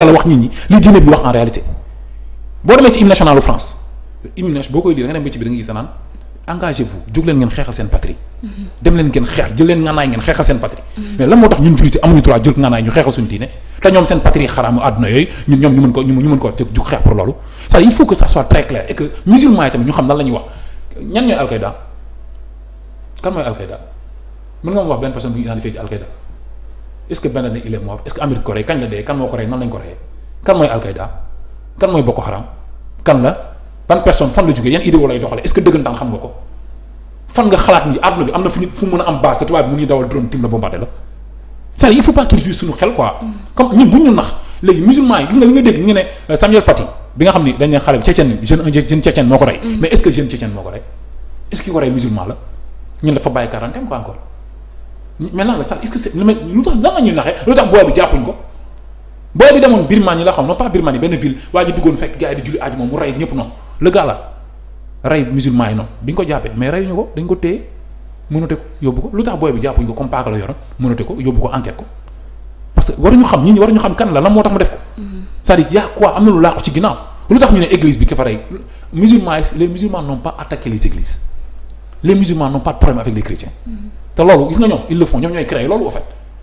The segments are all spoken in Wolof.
yàlla wax nit ñi li diine bi wax en réalité boo demee ci hymne nationalu France hymne national boo koy lii da nga dem ba vous jóg leen ngeen xeexal seen patrie mm-hmm. dem ngeen xeex jël leen ngànnaay ngeen xeexal seen patrie mm-hmm. mais lan moo tax ñun jullit amuñu droit jël ngànnaay ñu xeexal suñu diine te ñoom seen patrie xaraamu àdduna yooyu ñun ñoom ñu mën ko ñu mën ko jóg xeex pour loolu ça il faut que ça soit très clair et que musulmans yi tamit ñu xam lan la wax ñan ñooy alqaida kan mooy est-ce que Benladine il est mort est-ce que Amir kañ la dee kan moo ko rey nan lañ ko reyee kan mooy Al-Qaïda kan mooy Boko Haram kan la ban personne fan la jógee yan idéo lay doxalee est-ce que dëggantaan xam nga ko fan nga xalaat ni àdduna bi am na fu ñu fu mën a am base te tubaab bi mu ñu dawal drone tim la bombardé la c'est-à-dire il suñu xel quoi comme ñun bu ñu nax léegi musulman yi gis nga li nga dégg ñu ne euh, Samuel Paty bi nga xam ni maintenant la sax est-ce que c'est lu tax na la ñuy naxee lu tax booy bi jàppuñ ko booy bi demoon Birmanie la xam non pas Birmanie benn ville waa ji duggoon fekk gars yi di julli aaj moom mu rey ñëpp noonu le gars la rey musulman yi noonu bi ñu ko jàppee lu tax booy bi jàppuñ ko comme paaka la yoroon mënate ko ko enquête ko parce que waruñu xam ñi ñi waruñu moo tax mu def ko mm-hmm. cest ñu ne pas attaqué les églises les musulmans n'ont pas de avec les chrétiens mm-hmm. te loolu gis na ñoom ils le font ñoom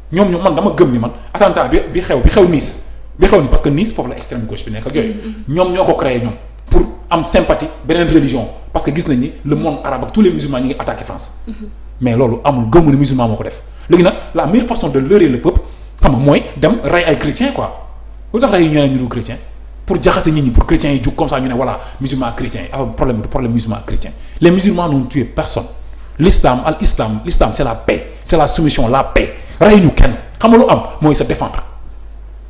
ñoom man dama gëm ni man attentat bi xew bi xew Nice bi xew ni parce que Nice foofu la extrême gauche mm-hmm, mm-hmm. pour am sympathie beneen religion parce que gis nañ ni le monde arabe ak tous les musulmans ñi ngi attaqué France mm-hmm. mais loolu amul gëmmu ne musulman moo ko def léegi nag la meilleure façon de leurrer le peuple xam nga mooy dem rey ay chrétiens quoi lu tax rey ñu ne ñu du chrétien pour jaxase nit ñi pour chrétiens yi jug comme ça ñu ne voilà l'islam al islam l'islam c'est la paix c'est la soumission la paix rey ñu kenn xam lu am mooy se défendre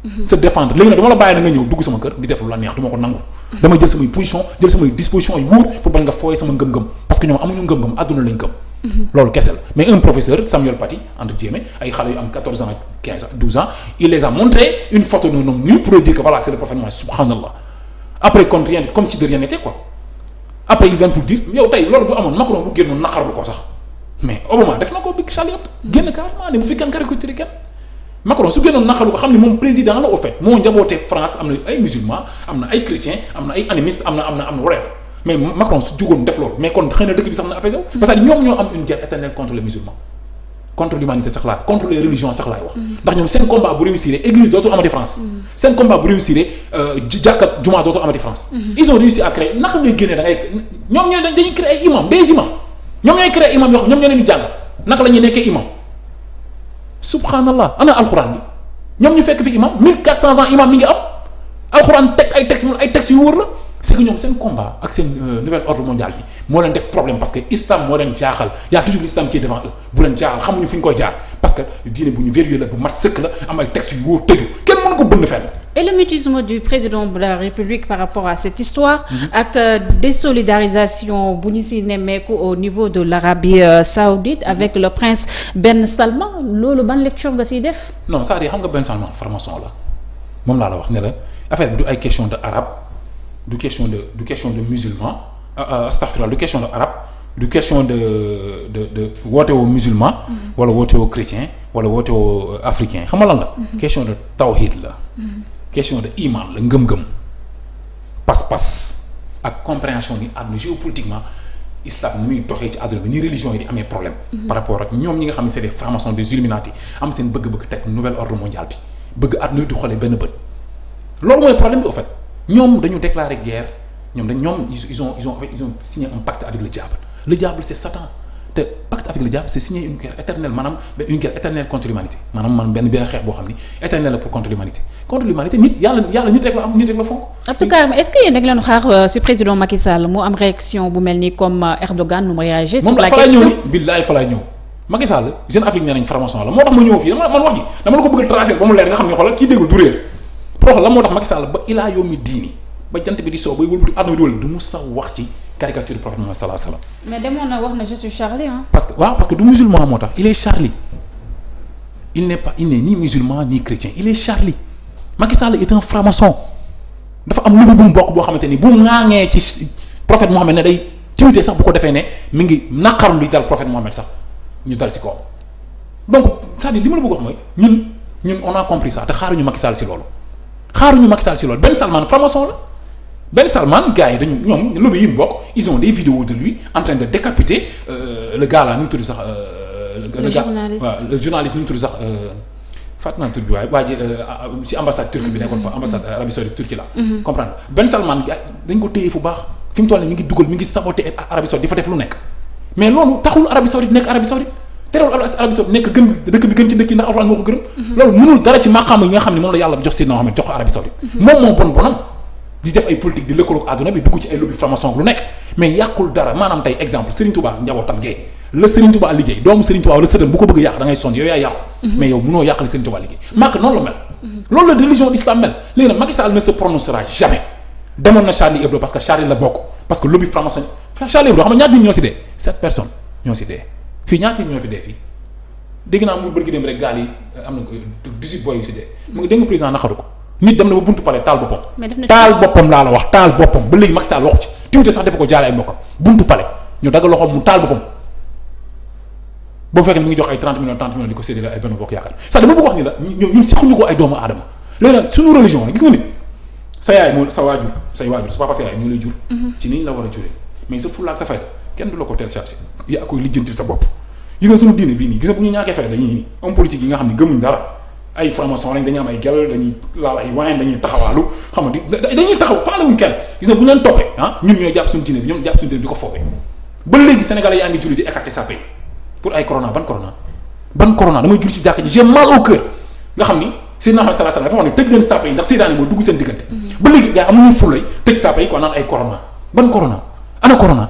mhm. se défendre léegi nag dama la bàyyi na ñëw dugg sama kër di def lu la neex du ko nangu mhm. dama jël samay position jël samay disposition yu wóor pour bañ nga fooye sama ngëm-ngëm parce que ñoom amuñu ngëm-ngëm àdduna lañ gëm mhm. loolu kese la mais un professeur Samuel Paty entre guillemets ay xale yu am 14 ans 15 ans ans il les après ils viennent pour dire yow tey loolu bu amoon Macron bu génnoon naqarlu ko sax mais Obama def na ko big sall génn carrément ne bu fi kenn caricature Macron su génnoon naqarlu ko xam ne moom président la au fait moo njabootee France am na ay musulmans am na ay chrétiens am na ay animistes am na am na am mais Macron su jugoon def loolu mais kon xëy dëkk bi sax na apaisé parce que ñoom ñoo am une guerre éternelle contre contre l'humanité sax wax. Mm. ndax ñoom seen combat bu réussir église dootul amati France. Mm. seen combat bu réussir euh, jàkka jumaa dootul amati France. Mm-hmm. ils ont réussi à créer naka ngay génnee da ngay ñoom ñoo dañuy créer ay imam des imams ñoom ñooy imam ñoom ñoo leen di jàngal naka la ñuy nekkee imam subhanallah ana alxuraan bi ñoom ñu fekk fi imam 1400 ans imam mi ngi am alxuraan teg ay textes ay textes yu wóor la. c'est que ñoom seen combat ak seen euh, nouvel ordre mondial bi moo leen def problème parce que islam moo leen jaaxal y a toujours l'islam qui est devant eux bu leen jaaxal xamuñu fi ñu koy jaar parce de la mm-hmm. euh, bu ñu si nemmeeku au niveau de l'Arabie euh, saoudite mm-hmm. avec le prince Ben Salman loolu ban lecture nga siy def. non c'est-à-dire xam nga Ben Salman franc-maçon la moom laa la wax ne affaire bi du ay question de arabe. du question de du question de musulman euh, euh, astafirlah du question de arabe du question de de de woote woo musulman mm-hmm. wala woote woo chrétien wala woote woo africain xam nga lan la mm-hmm. question de tawhid la mm-hmm. question de iman la ngëm-ngëm pas-pas ak compréhension ni àdduna géopolitiquement islam ni muy doxee ci àdduna bi ni religion yi di amee problème par rapport ak ñoom ñi nga xam ne c'est des francs-maçons des am seen bëgg-bëgg teg nouvel ordre mondial bi bëgg àdduna bi di xoolee benn bët loolu mooy ñoom dañu déclarer guerre ñoom dañ ñoom ils ont ils ont ils un pacte avec le diable le diable c'est Satan te pacte avec le diable c'est signer une guerre éternelle maanaam une guerre éternelle contre l'humanité maanaam benn xeex boo xam ni éternelle la pour contre l'humanité contre l'humanité nit yàlla yàlla nit rek la am nit rek la fonk. Abdou Karim est-ce que yéen da ngeen xaar euh, si président Macky mu am réaction bu mel ni comme euh, Erdogan nu mu réagir. ne pour wax la moo tax Macky Sall ba ilaa yawmi diini ba jant bi di sow bay wëlbati àdduna bi di wël du mu sax wax ci Charlie ah. parce que waaw parce que du musulman moo tax il est Charlie il n'est ni musulman ni chrétien il est Charlie Macky Sall est un franc-maçon dafa am lu bu mu bokk boo xamante ni bu ŋaaŋee ci prophète Mohamed ne day tiwitee sax bu ko defee ne mi ngi naqarlu li dal prophète Mohamed sax ñu dal si kawam donc cest à li ma la bëgg wax mooy ñun ñun on a compris ça te xaaruñu Macky Sall si loolu. xaaruñu Macky Sall si loolu benn Salman franc-maçon la benn Salman gars yi dañu ñoom lobby yi mu bokk ils ont des vidéos de lui en de décapiter euh, le gars là nu mu tudd sax. Euh, le journaliste waaw le journaliste nu mu tudd sax. Euh, fàtt naa tur waaye waa ji ambassade turque bi nekkoon fa mm-hmm. ambassade Arabie Saoudite turquie la mm-hmm. comprendre Ben Salman dañ ko téye fu baax fi toll nii mi ngi dugal mi ngi saboté Arabie Saoudite di fa def lu nekk mais loolu taxul Arabie Saoudite nekk Arabie terewul Arabie Saoudite nekk gën dëkk bi gën ci dëkk yi ndax alxuraan moo ko gërëm loolu mënul dara ci maqaama yi nga xam ne moom la yàlla jox Seydina Mohamed jox Arabie Saoudite moom moo bon bonam di def ay politique di lëkkaloog àdduna bi dugg ci ay lobby franc lu nekk mais yàqul dara maanaam tey exemple Serigne Touba njabootam gee la Serigne Touba liggéey doomu Serigne Touba wala sëtam bu ko bëgg yàq da sonn yow yaa yàqu mhm. mais yow mënoo yàq li Serigne mhm. mhm. se fii ñaata nit ñoo fi dee fii dégg naa mu bëgg dem rek gaal yi eh, ko 18 eh, boy yu si dee. Hmm. mu ngi dégg nga président naqaru ko nit dem taal boppam. la wax taal boppam ba léegi Macky Sall wax ci tuuti ko jaale ay ñu dagg loxoom mu taal boppam boo fekkee mu ngi jox ay 30 millions 30 millions di ko séddale ay benn bokk yaakaar sax dama bëgg wax ni la ñoom ñun seqaluñu ko ay doomu aadama léegi nag suñu religion gis nga nit sa yaay sa waajur say waajur sa papa sa yaay ñoo lay jur. Mm-hmm. ci niñ la war a juree mais sa fulla ak sa fayda kenn du la ko teel chargé yaa koy lijjanti sa bopp gis nga suñu diine bii nii gis nga bu ñu ñàkkee fay dañuy ne gëmuñ dara ay formation lañ dañuy am ay gel dañuy laal ay wayen dañuy taxawaalu xam ay corona ban corona ana corona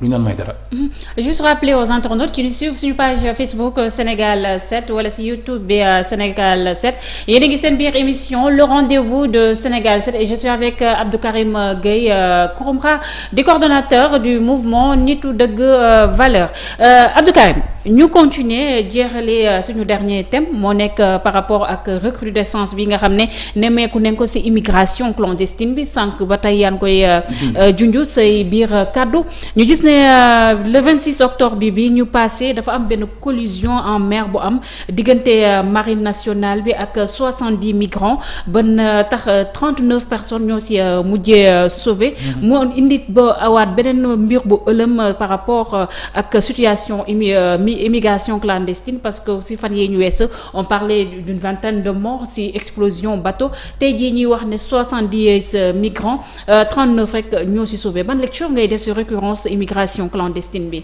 lu ñu may dara. Mm-hmm. juste rappeler aux internautes qui nous suivent suñu page Facebook euh, Sénégal 7 wala si YouTube bi euh, Sénégal 7 yéen a ngi seen biir émission le rendez-vous de Sénégal 7 et je suis avec euh, Abdou Karim Gueye Xrum-Xax di coordonnateur du mouvement Nitu Dëgg Valeurs Abdou Karim ñu continuer jeexale suñu dernier thème moo nekk par rapport ak recrudescence bi nga xam ne nemmeeku nañ ko si immigration clandestine bi sànq ba tey yaa ngi koy junj say biir kàddu ñu gis. ne euh, le 26 octobre bi bi ñu passé dafa am benn collision en maire bu am diggante euh, marine nationale bi ak 70 migrants ban euh, tax 39 personnes ñoo si mujjee sauvé. moo mhm. indi ba awaat beneen mbir bu ëlëm par rapport ak situation immigration clandestine parce que si fan yee ñu wees on parlait d'une vingtaine de morts si explosion bateau tey jii ñuy wax ne 70 migrants 39 rek ñoo si sauvé ban lecture ngay def si récurrence immigration immigration :fra clandestine :fra bi